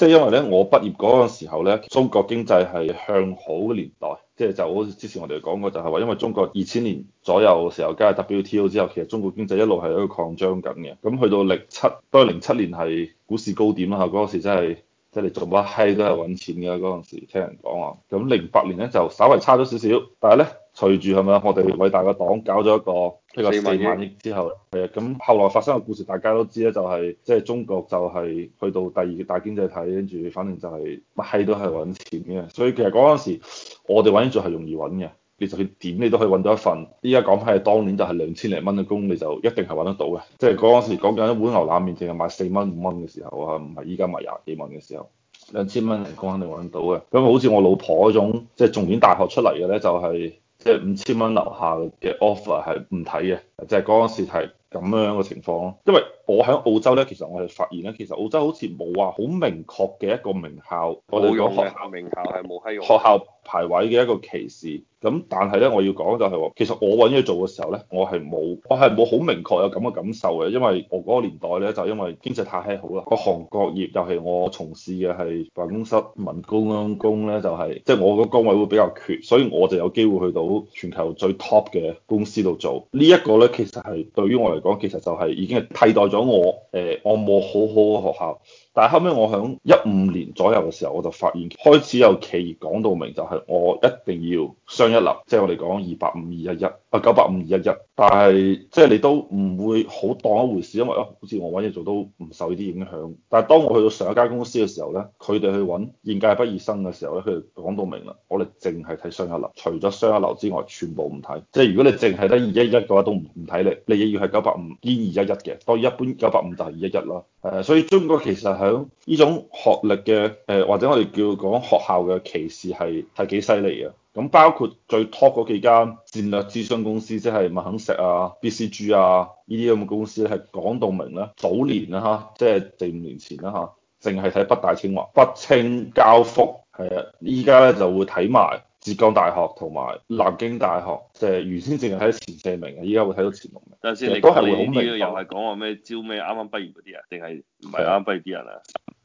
即係因為咧，我畢業嗰個時候咧，中國經濟係向好嘅年代，即係就好似之前我哋講過，就係話因為中國二千年左右嘅時候，加入 WTO 之後，其實中國經濟一路係喺度擴張緊嘅。咁去到零七，都係零七年係股市高點啦嚇，嗰時真係。即係你做乜閪都係揾錢嘅嗰陣時，聽人講啊。咁零八年咧就稍微差咗少少，但係咧隨住係咪啊？我哋偉大嘅黨搞咗一個四萬億之後，係啊。咁後來發生嘅故事大家都知咧，就係即係中國就係去到第二大經濟體，跟住反正就係乜閪都係揾錢嘅。所以其實嗰陣時我哋揾做係容易揾嘅。其實佢點，你都可以揾到一份。依家講翻，係當年就係兩千零蚊嘅工，你就一定係揾得到嘅。即係嗰陣時講緊一碗牛腩麵淨係賣四蚊五蚊嘅時候啊，唔係依家賣廿幾蚊嘅時候。兩千蚊人工肯定揾得到嘅。咁好似我老婆嗰種，即係重點大學出嚟嘅咧，就係即係五千蚊樓下嘅 offer 係唔睇嘅，即係嗰陣時係。咁樣樣嘅情況咯，因為我喺澳洲咧，其實我哋發現咧，其實澳洲好似冇話好明確嘅一個名校，我哋講學校名校係冇喺學校排位嘅一個歧視。咁但係咧，我要講就係話，其實我揾嘢做嘅時候咧，我係冇，我係冇好明確有咁嘅感受嘅，因為我嗰個年代咧，就係、因為經濟太好啦，各行各業就係我從事嘅係辦公室文工工咧、就係，就係即係我個崗位會比較缺，所以我就有機會去到全球最 top 嘅公司度做。這個、呢一個咧，其實係對於我嚟。講，其實就係已經係替代咗我誒，我冇好好嘅學校。但係後尾我響一五年左右嘅時候，我就發現開始有企業講到明，就係我一定要雙一流，即係我哋講二百五二一一啊九八五二一一。但係即係你都唔會好當一回事，因為好似我揾嘢做都唔受呢啲影響。但係當我去到上一間公司嘅時候呢，佢哋去揾應屆畢業生嘅時候咧，佢哋講到明啦，我哋淨係睇雙一流，除咗雙一流之外，全部唔睇。即係如果你淨係得二一一嘅話，都唔唔睇你，你亦要係九八五兼二一一嘅，當然一般九八五就係二一一咯。所以中國其實～係咯，依種學歷嘅誒，或者我哋叫講學校嘅歧視係係幾犀利嘅。咁包括最 top 嗰幾間戰略諮詢公司，即係麥肯錫啊、BCG 啊呢啲咁嘅公司，係講到明啦。早年啦嚇，即係四五年前啦嚇，淨係睇北大、清華、北清交復係啊，依家咧就會睇埋。浙江大學同埋南京大學，即係原先淨係睇前四名，依家會睇到前六名。但等下先，你留意又係講話咩招咩啱啱畢業啲人，定係唔係啱啱畢業啲人啊？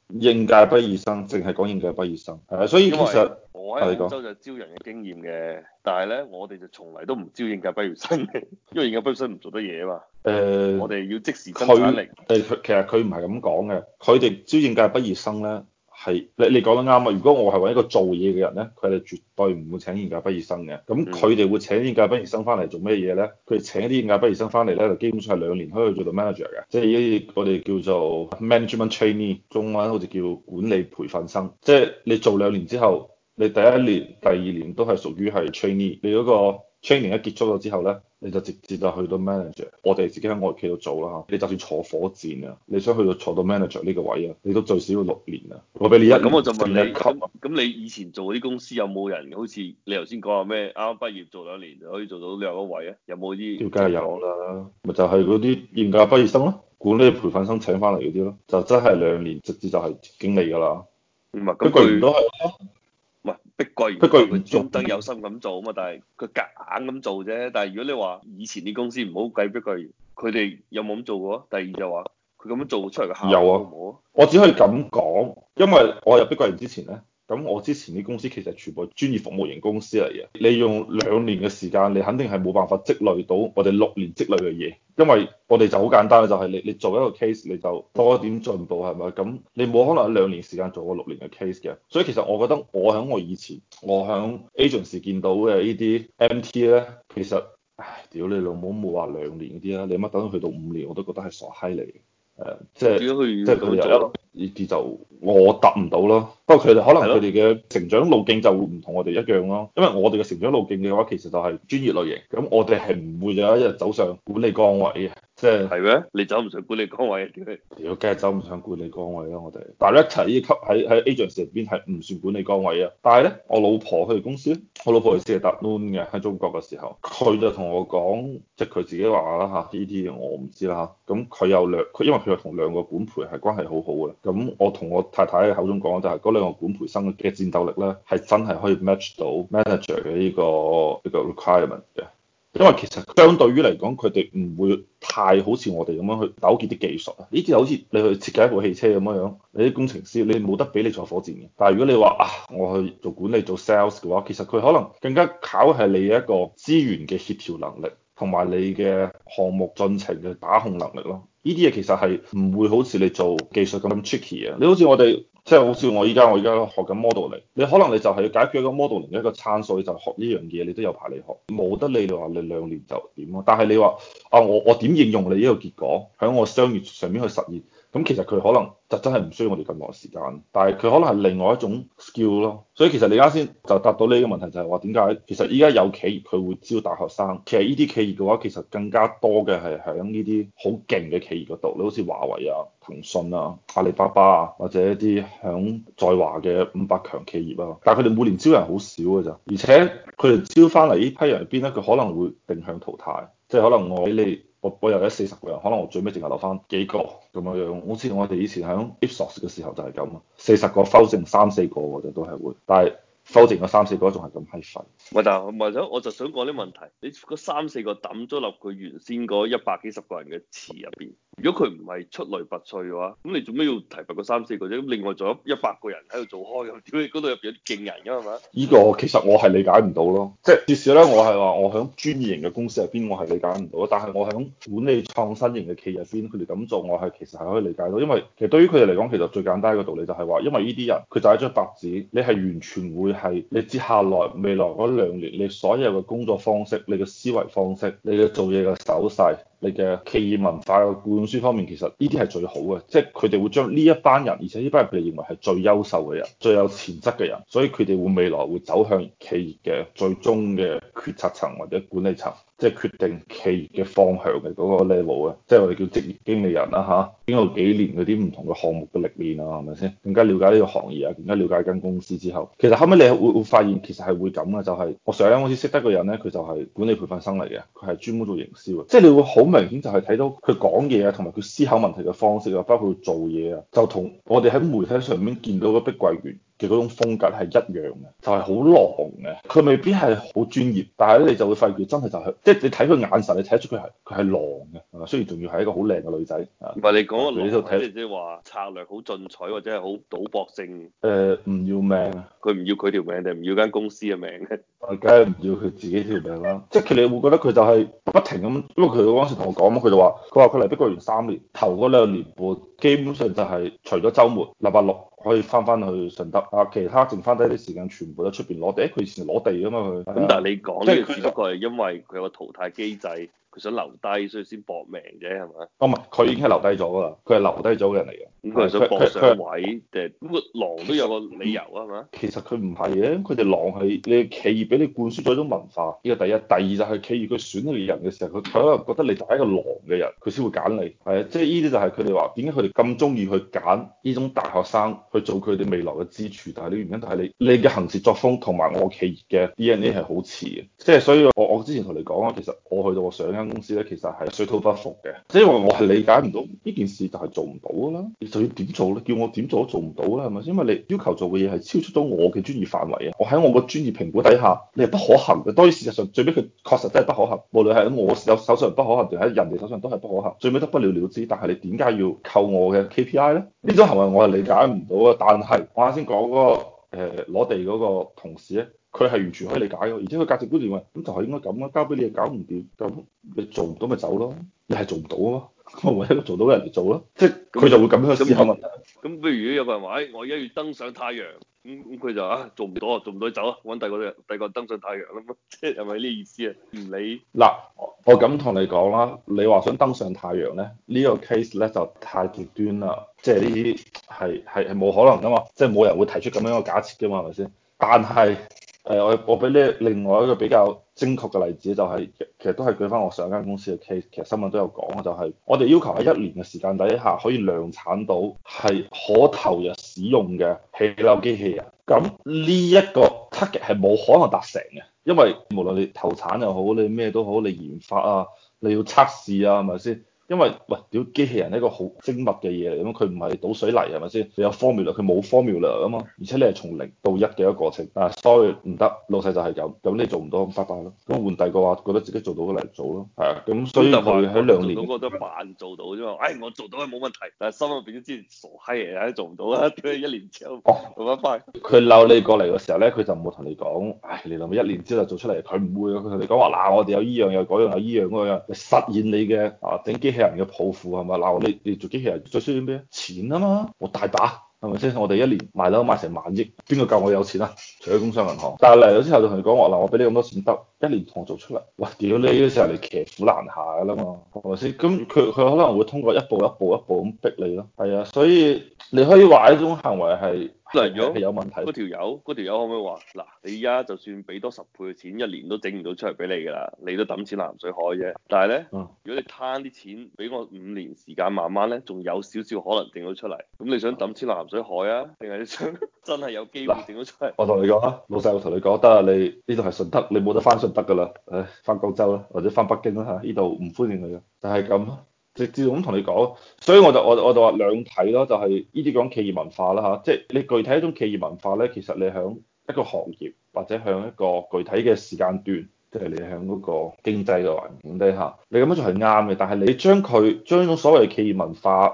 應屆畢業生，淨係講應屆畢業生。係，所以其實我喺廣州就招人嘅經驗嘅，說但係咧我哋就從嚟都唔招應屆畢業生嘅，因為應屆畢業生唔做得嘢嘛。誒、呃，我哋要即時生產力。佢其實佢唔係咁講嘅，佢哋招應屆畢業生咧。係，你你講得啱啊！如果我係揾一個做嘢嘅人咧，佢哋絕對唔會請應屆畢業生嘅。咁佢哋會請應屆畢業生翻嚟做咩嘢咧？佢哋請啲應屆畢業生翻嚟咧，就基本上係兩年可以做到 manager 嘅，即係依啲我哋叫做 management trainee，中文好似叫管理培訓生。即係你做兩年之後，你第一年、第二年都係屬於係 trainee，你嗰、那個。t r 一結束咗之後咧，你就直接就去到 manager。我哋自己喺外企度做啦嚇，你就算坐火箭啊，你想去到坐到 manager 呢個位啊，你都最少要六年啊。我俾你一咁，我就問你咁咁，你以前做嗰啲公司有冇人好似你頭先講話咩啱啱畢業做兩年就可以做到你嗰個位咧？有冇啲？要梗係有啦，咪就係嗰啲應屆畢業生咯，管啲培訓生請翻嚟嗰啲咯，就真係兩年直接就係經理㗎啦。唔係咁佢。碧桂園，碧桂園佢做得有心咁做啊嘛，但係佢夾硬咁做啫。但係如果你話以前啲公司唔好計碧桂園，佢哋有冇咁做過？第二就話佢咁樣做出嚟嘅效果，有啊。好唔好我只可以咁講，因為我入碧桂園之前咧。咁我之前啲公司其實全部係專業服務型公司嚟嘅。你用兩年嘅時間，你肯定係冇辦法積累到我哋六年積累嘅嘢，因為我哋就好簡單嘅就係你你做一個 case 你就多一點進步係咪？咁你冇可能喺兩年時間做過六年嘅 case 嘅，所以其實我覺得我喺我以前我喺 agency 見到嘅呢啲 MT 咧，其實唉屌你老母冇話兩年啲啦，你乜等去到五年我都覺得係傻閪嚟嘅，呃，即係即係呢啲就我答唔到咯，不過佢哋可能佢哋嘅成長路徑就唔同我哋一樣咯，因為我哋嘅成長路徑嘅話其實就係專業類型，咁我哋係唔會有一日走上管理崗位嘅。即係係咩？你走唔上管理崗位？如果梗係走唔上管理崗位啦！我哋，director 呢級喺喺 agent 入邊係唔算管理崗位啊。但係咧，我老婆佢哋公司，我老婆以前係打 loan 嘅喺中國嘅時候，佢就同我講，即係佢自己話啦嚇，呢啲嘢我唔知啦嚇。咁佢有兩，佢因為佢又同兩個管培係關係好好嘅。咁我同我太太口中講就係嗰兩個管培生嘅戰鬥力咧，係真係可以 match 到 manager 嘅呢個呢個 requirement 嘅。因為其實相對於嚟講，佢哋唔會太好似我哋咁樣去糾結啲技術啊。呢啲就好似你去設計一部汽車咁樣樣，你啲工程師你冇得俾你坐火箭嘅。但係如果你話啊，我去做管理做 sales 嘅話，其實佢可能更加考係你一個資源嘅協調能力，同埋你嘅項目進程嘅把控能力咯。呢啲嘢其實係唔會好似你做技術咁 tricky 啊。你好似我哋。即係好似我依家我依家學緊 modeling，你可能你就係要解決一個 modeling 嘅一個參數，你就學呢樣嘢你都有排你學，冇得理你話你兩年就點咯。但係你話啊，我我點應用你呢個結果喺我商業上面去實現？咁其實佢可能就真係唔需要我哋咁耐時間，但係佢可能係另外一種 skill 咯。所以其實你啱先就答到呢個問題，就係話點解其實依家有企業佢會招大學生。其實呢啲企業嘅話，其實更加多嘅係喺呢啲好勁嘅企業嗰度，你好似華為啊、騰訊啊、阿里巴巴啊，或者一啲喺在，在華嘅五百強企業啊。但係佢哋每年招人好少嘅咋，而且佢哋招翻嚟呢批人入邊咧，佢可能會定向淘汰，即係可能我畀你。我我又有四十個人，可能我最尾淨係留翻幾個咁嘅樣，好似我哋以前喺 Ipsos 嘅時候就係咁啊，四十個 fold 剩三四個嘅都係會，但係 fold 剩三四個仲係咁閪蠢。咪就咪想我就想講啲問題，你嗰三四個抌咗落佢原先嗰一百幾十個人嘅池入邊。如果佢唔係出類拔萃嘅話，咁你做咩要提拔個三四個啫？咁另外仲有一百個人喺度做開，咁點解嗰度入邊有啲勁人㗎係嘛？呢個其實我係理解唔到咯，即係至少咧，我係話我喺專業型嘅公司入邊，我係理解唔到。但係我喺管理創新型嘅企入邊，佢哋咁做，我係其實係可以理解到。因為其實對於佢哋嚟講，其實最簡單一個道理就係話，因為呢啲人佢就係張白紙，你係完全會係你接下來未來嗰兩年，你所有嘅工作方式、你嘅思維方式、你嘅做嘢嘅手勢。你嘅企業文化嘅灌輸方面，其實呢啲係最好嘅，即係佢哋會將呢一班人，而且呢班人佢哋認為係最優秀嘅人、最有潛質嘅人，所以佢哋會未來會走向企業嘅最終嘅決策層或者管理層。即係決定企業嘅方向嘅嗰個 level 啊，即係我哋叫職業經理人啦吓，經過幾年嗰啲唔同嘅項目嘅歷練啊，係咪先？更加了解呢個行業啊，更加了解一間公司之後，其實後尾你會會發現，其實係會咁嘅，就係我上一咧好似識得個人呢，佢就係管理培訓生嚟嘅，佢係專門做營銷，即係你會好明顯就係睇到佢講嘢啊，同埋佢思考問題嘅方式啊，包括做嘢啊，就同我哋喺媒體上面見到嘅碧桂園嘅嗰種風格咧係一樣嘅，就係、是、好狼嘅。佢未必係好專業，但係咧你就會發現真係就係、是，即、就、係、是、你睇佢眼神，你睇得出佢係佢係狼嘅。雖然仲要係一個好靚嘅女仔。唔係你講個女就睇，即係話策略好進取或者係好賭博性。誒唔、呃、要命、啊，佢唔要佢條命定唔要間公司嘅命？梗係唔要佢自己條命啦。即係佢你會覺得佢就係不停咁。因為佢嗰陣時同我講，佢就話：佢話佢嚟碧桂園三年，頭嗰兩年半基本上就係除咗周末，禮拜六可以翻翻去順德。啊！其他剩翻低啲時間全部都出邊攞地。佢、欸、以前攞地㗎嘛佢。咁、嗯是啊、但係你講呢，係只不過係因為佢有個淘汰機制。佢想留低，所以先搏命嘅係咪？哦，唔係，佢已經係留低咗㗎啦，佢係留低咗嘅人嚟嘅。佢係想搏上位，誒他，咁個狼都有個理由啊，係咪？其實佢唔係嘅，佢哋吧狼係你企業俾你灌輸咗一種文化，呢、這個第一。第二就係企業佢選咗你人嘅時候，佢佢覺得你就係一個狼嘅人，佢先會揀你。係啊，即係呢啲就係佢哋話點解佢哋咁中意去揀呢種大學生去做佢哋未來嘅支柱，但係呢個原因就係你你嘅行事作風同埋我企業嘅 DNA 係好似嘅，即、就、係、是、所以我我之前同你講啊，其實我去到我想，公司咧其實係水土不服嘅，即係話我係理解唔到呢件事就係做唔到噶啦，你就要點做咧？叫我點做都做唔到啦，係咪先？因為你要求做嘅嘢係超出咗我嘅專業範圍啊！我喺我個專業評估底下，你係不可行嘅。當然事實上最尾佢確實都係不可行，無論係喺我手手上不可行，定喺人哋手上都係不可行。最尾都不了了之，但係你點解要扣我嘅 KPI 咧？呢種行為我係理解唔到啊！但係我啱先講嗰個攞地嗰個同事咧。佢係完全可以理解嘅，而且佢價值觀認為咁就係應該咁啦。交俾你又搞唔掂，咁你做唔到咪走咯？你係做唔到啊嘛，我揾一個做到嘅人嚟做咯。即係佢就會咁樣思考問題。咁如果有個人話，我而家要登上太陽，咁咁佢就啊做唔到，做唔到走啊，揾第二個第第二個登上太陽咁啊！即係係咪呢意思啊？唔理嗱，我我咁同你講啦，你話想登上太陽咧，呢個 case 咧就太極端啦，即係呢啲係係係冇可能噶嘛，即係冇人會提出咁樣嘅假設噶嘛，係咪先？但係，誒我我俾你另外一個比較精確嘅例子，就是，就係其實都係舉翻我上間公司嘅 case，其實新聞都有講啊，就係、是、我哋要求喺一年嘅時間底下可以量產到係可投入使用嘅起樓機器人，咁呢一個 target 係冇可能達成嘅，因為無論你投產又好，你咩都好，你研發啊，你要測試啊，係咪先？因為喂屌機器人呢個好精密嘅嘢嚟，咁佢唔係倒水泥係咪先？佢有 Formula，佢冇 Formula 啊嘛。而且你係從零到一嘅一個過程啊，所以唔得，老細就係咁，咁、啊、你做唔到，咁拜拜咯。咁換第二個話，覺得自己做到，嘅嚟做咯，係啊。咁所以佢喺兩年嗰個得慢做到啫嘛。唉、哎，我做到係冇問題，但係心入邊都知傻閪嚟，唉，做唔到啦。咁一年之後，咁啊拜。佢鬧你過嚟嘅時候咧，佢就唔會同你講，唉、哎，你諗一年之後做出嚟，佢唔會嘅、啊。佢同你講話嗱，我哋有呢樣有嗰樣有呢樣嗰樣嚟實現你嘅啊整機。機器人嘅抱負係咪？嗱，你你做機器人最需要啲咩啊？錢啊嘛，我大把，係咪先？我哋一年賣樓賣成萬億，邊個夠我有錢啊？除咗工商銀行，但係嚟咗之後就同你講話，嗱，我俾你咁多錢得，一年同我做出嚟，哇！屌你嗰時候你騎虎難下㗎啦嘛，係咪先？咁佢佢可能會通過一步一步一步咁逼你咯。係啊，所以你可以話呢種行為係。係有問題。嗰條友，嗰條友可唔可以話：嗱，你而家就算俾多十倍嘅錢，一年都整唔到出嚟俾你㗎啦，你都揼錢南水海啫。但係咧，嗯、如果你攤啲錢俾我五年時間，慢慢咧，仲有少少可能整到出嚟。咁你想揼錢南水海啊？定係你想真係有機會整到出嚟？我同你講啊，老細我同你講，得啊，你呢度係順德，你冇得翻順德㗎啦，誒，翻廣州啦，或者翻北京啦嚇，呢度唔歡迎你啊，就係、是、咁直接咁同你講，所以我就我我就話兩睇咯，就係呢啲講企業文化啦吓，即係你具體一種企業文化咧，其實你喺一個行業或者響一個具體嘅時間段，即係你喺嗰個經濟嘅環境底下，你咁樣做係啱嘅。但係你將佢將呢種所謂企業文化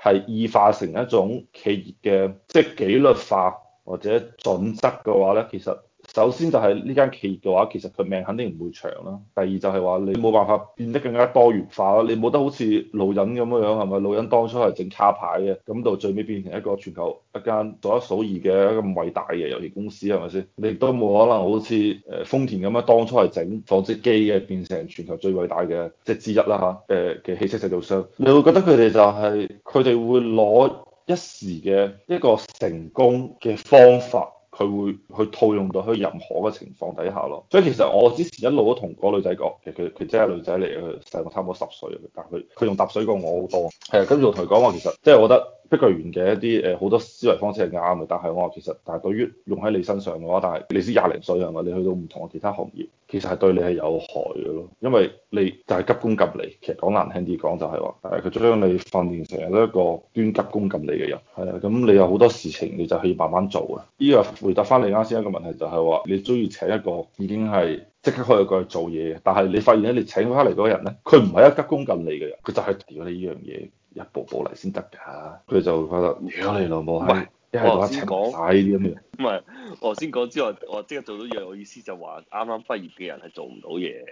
係異化成一種企業嘅即係紀律化或者準則嘅話咧，其實～首先就係呢間企業嘅話，其實佢命肯定唔會長啦。第二就係話你冇辦法變得更加多元化啦。你冇得好似老任咁樣樣係咪？老任當初係整卡牌嘅，咁到最尾變成一個全球一間數一數二嘅一個偉大嘅遊戲公司係咪先？你亦都冇可能好似誒豐田咁樣當初係整紡織機嘅，變成全球最偉大嘅即係之一啦嚇。誒嘅汽車製造商，你會覺得佢哋就係佢哋會攞一時嘅一個成功嘅方法。佢會去套用到喺任何嘅情況底下咯，所以其實我之前一路都同嗰女仔講，其實佢佢真係女仔嚟嘅，細我差唔多十歲，但係佢佢仲揼水過我好多。係啊，跟住我同佢講話，其實即係我覺得。碧桂園嘅一啲誒好多思維方式係啱嘅，但係我話其實，但係對於用喺你身上嘅話，但係你先廿零歲係咪？你去到唔同嘅其他行業，其實係對你係有害嘅咯，因為你就係急功近利。其實講難聽啲講就係話，誒佢將你訓練成一個端急功近利嘅人，係啊，咁你有好多事情你就可以慢慢做嘅。呢個回答翻你啱先一個問題就係話，你中意請一個已經係即刻可以過去做嘢，但係你發現咧，你請翻嚟嗰個人咧，佢唔係一急功近利嘅人，佢就係屌你呢樣嘢。一步步嚟先得噶，佢就覺得屌你老母，唔係是一係攞一唔啲咁嘅。唔係我先講之後，我即刻做到嘢。我意思就話，啱啱畢業嘅人係做唔到嘢，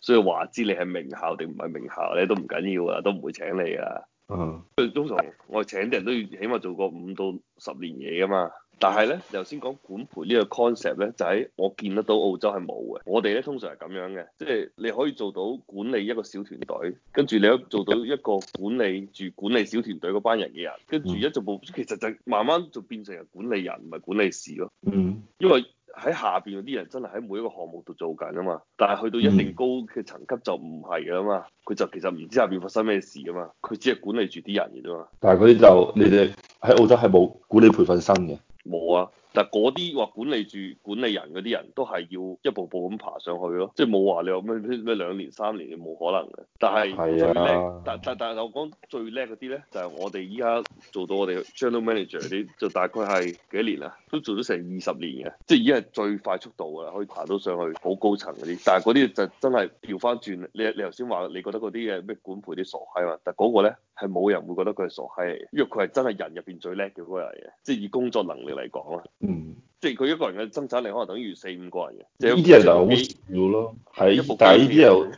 所以話知你係名校定唔係名校咧都唔緊要啊，都唔會請你啊。嗯、uh，佢、huh. 通常我請啲人都要起碼做過五到十年嘢噶嘛。但係咧，頭先講管培呢個 concept 咧，就係我見得到澳洲係冇嘅。我哋咧通常係咁樣嘅，即係你可以做到管理一個小團隊，跟住你一做到一個管理住管理小團隊嗰班人嘅人，跟住一逐步其實就慢慢就變成人管理人，唔係管理事咯。嗯。因為喺下邊嗰啲人真係喺每一個項目度做緊啊嘛，但係去到一定高嘅層級就唔係啊嘛，佢就其實唔知下邊發生咩事啊嘛，佢只係管理住啲人嘅啫嘛。但係佢就你哋喺澳洲係冇管理培訓生嘅？冇啊！但係嗰啲話管理住管理人嗰啲人都係要一步步咁爬上去咯，即係冇話你有咩咩兩年三年嘅冇可能嘅。但係最叻是、啊，但但但係我講最叻嗰啲咧，就係、是、我哋依家做到我哋 General Manager，啲，就大概係幾年啊？都做咗成二十年嘅，即係已經係最快速度啊，可以爬到上去好高層嗰啲。但係嗰啲就真係調翻轉，你你頭先話你覺得嗰啲嘢咩管培啲傻閪嘛？但係嗰個咧係冇人會覺得佢係傻閪嚟，因為佢係真係人入邊最叻嘅嗰個嚟嘅，即係以工作能力。嚟講啦，嗯，即係佢一個人嘅生產力可能等於四五個人嘅，即係呢啲人就好少咯，係，但係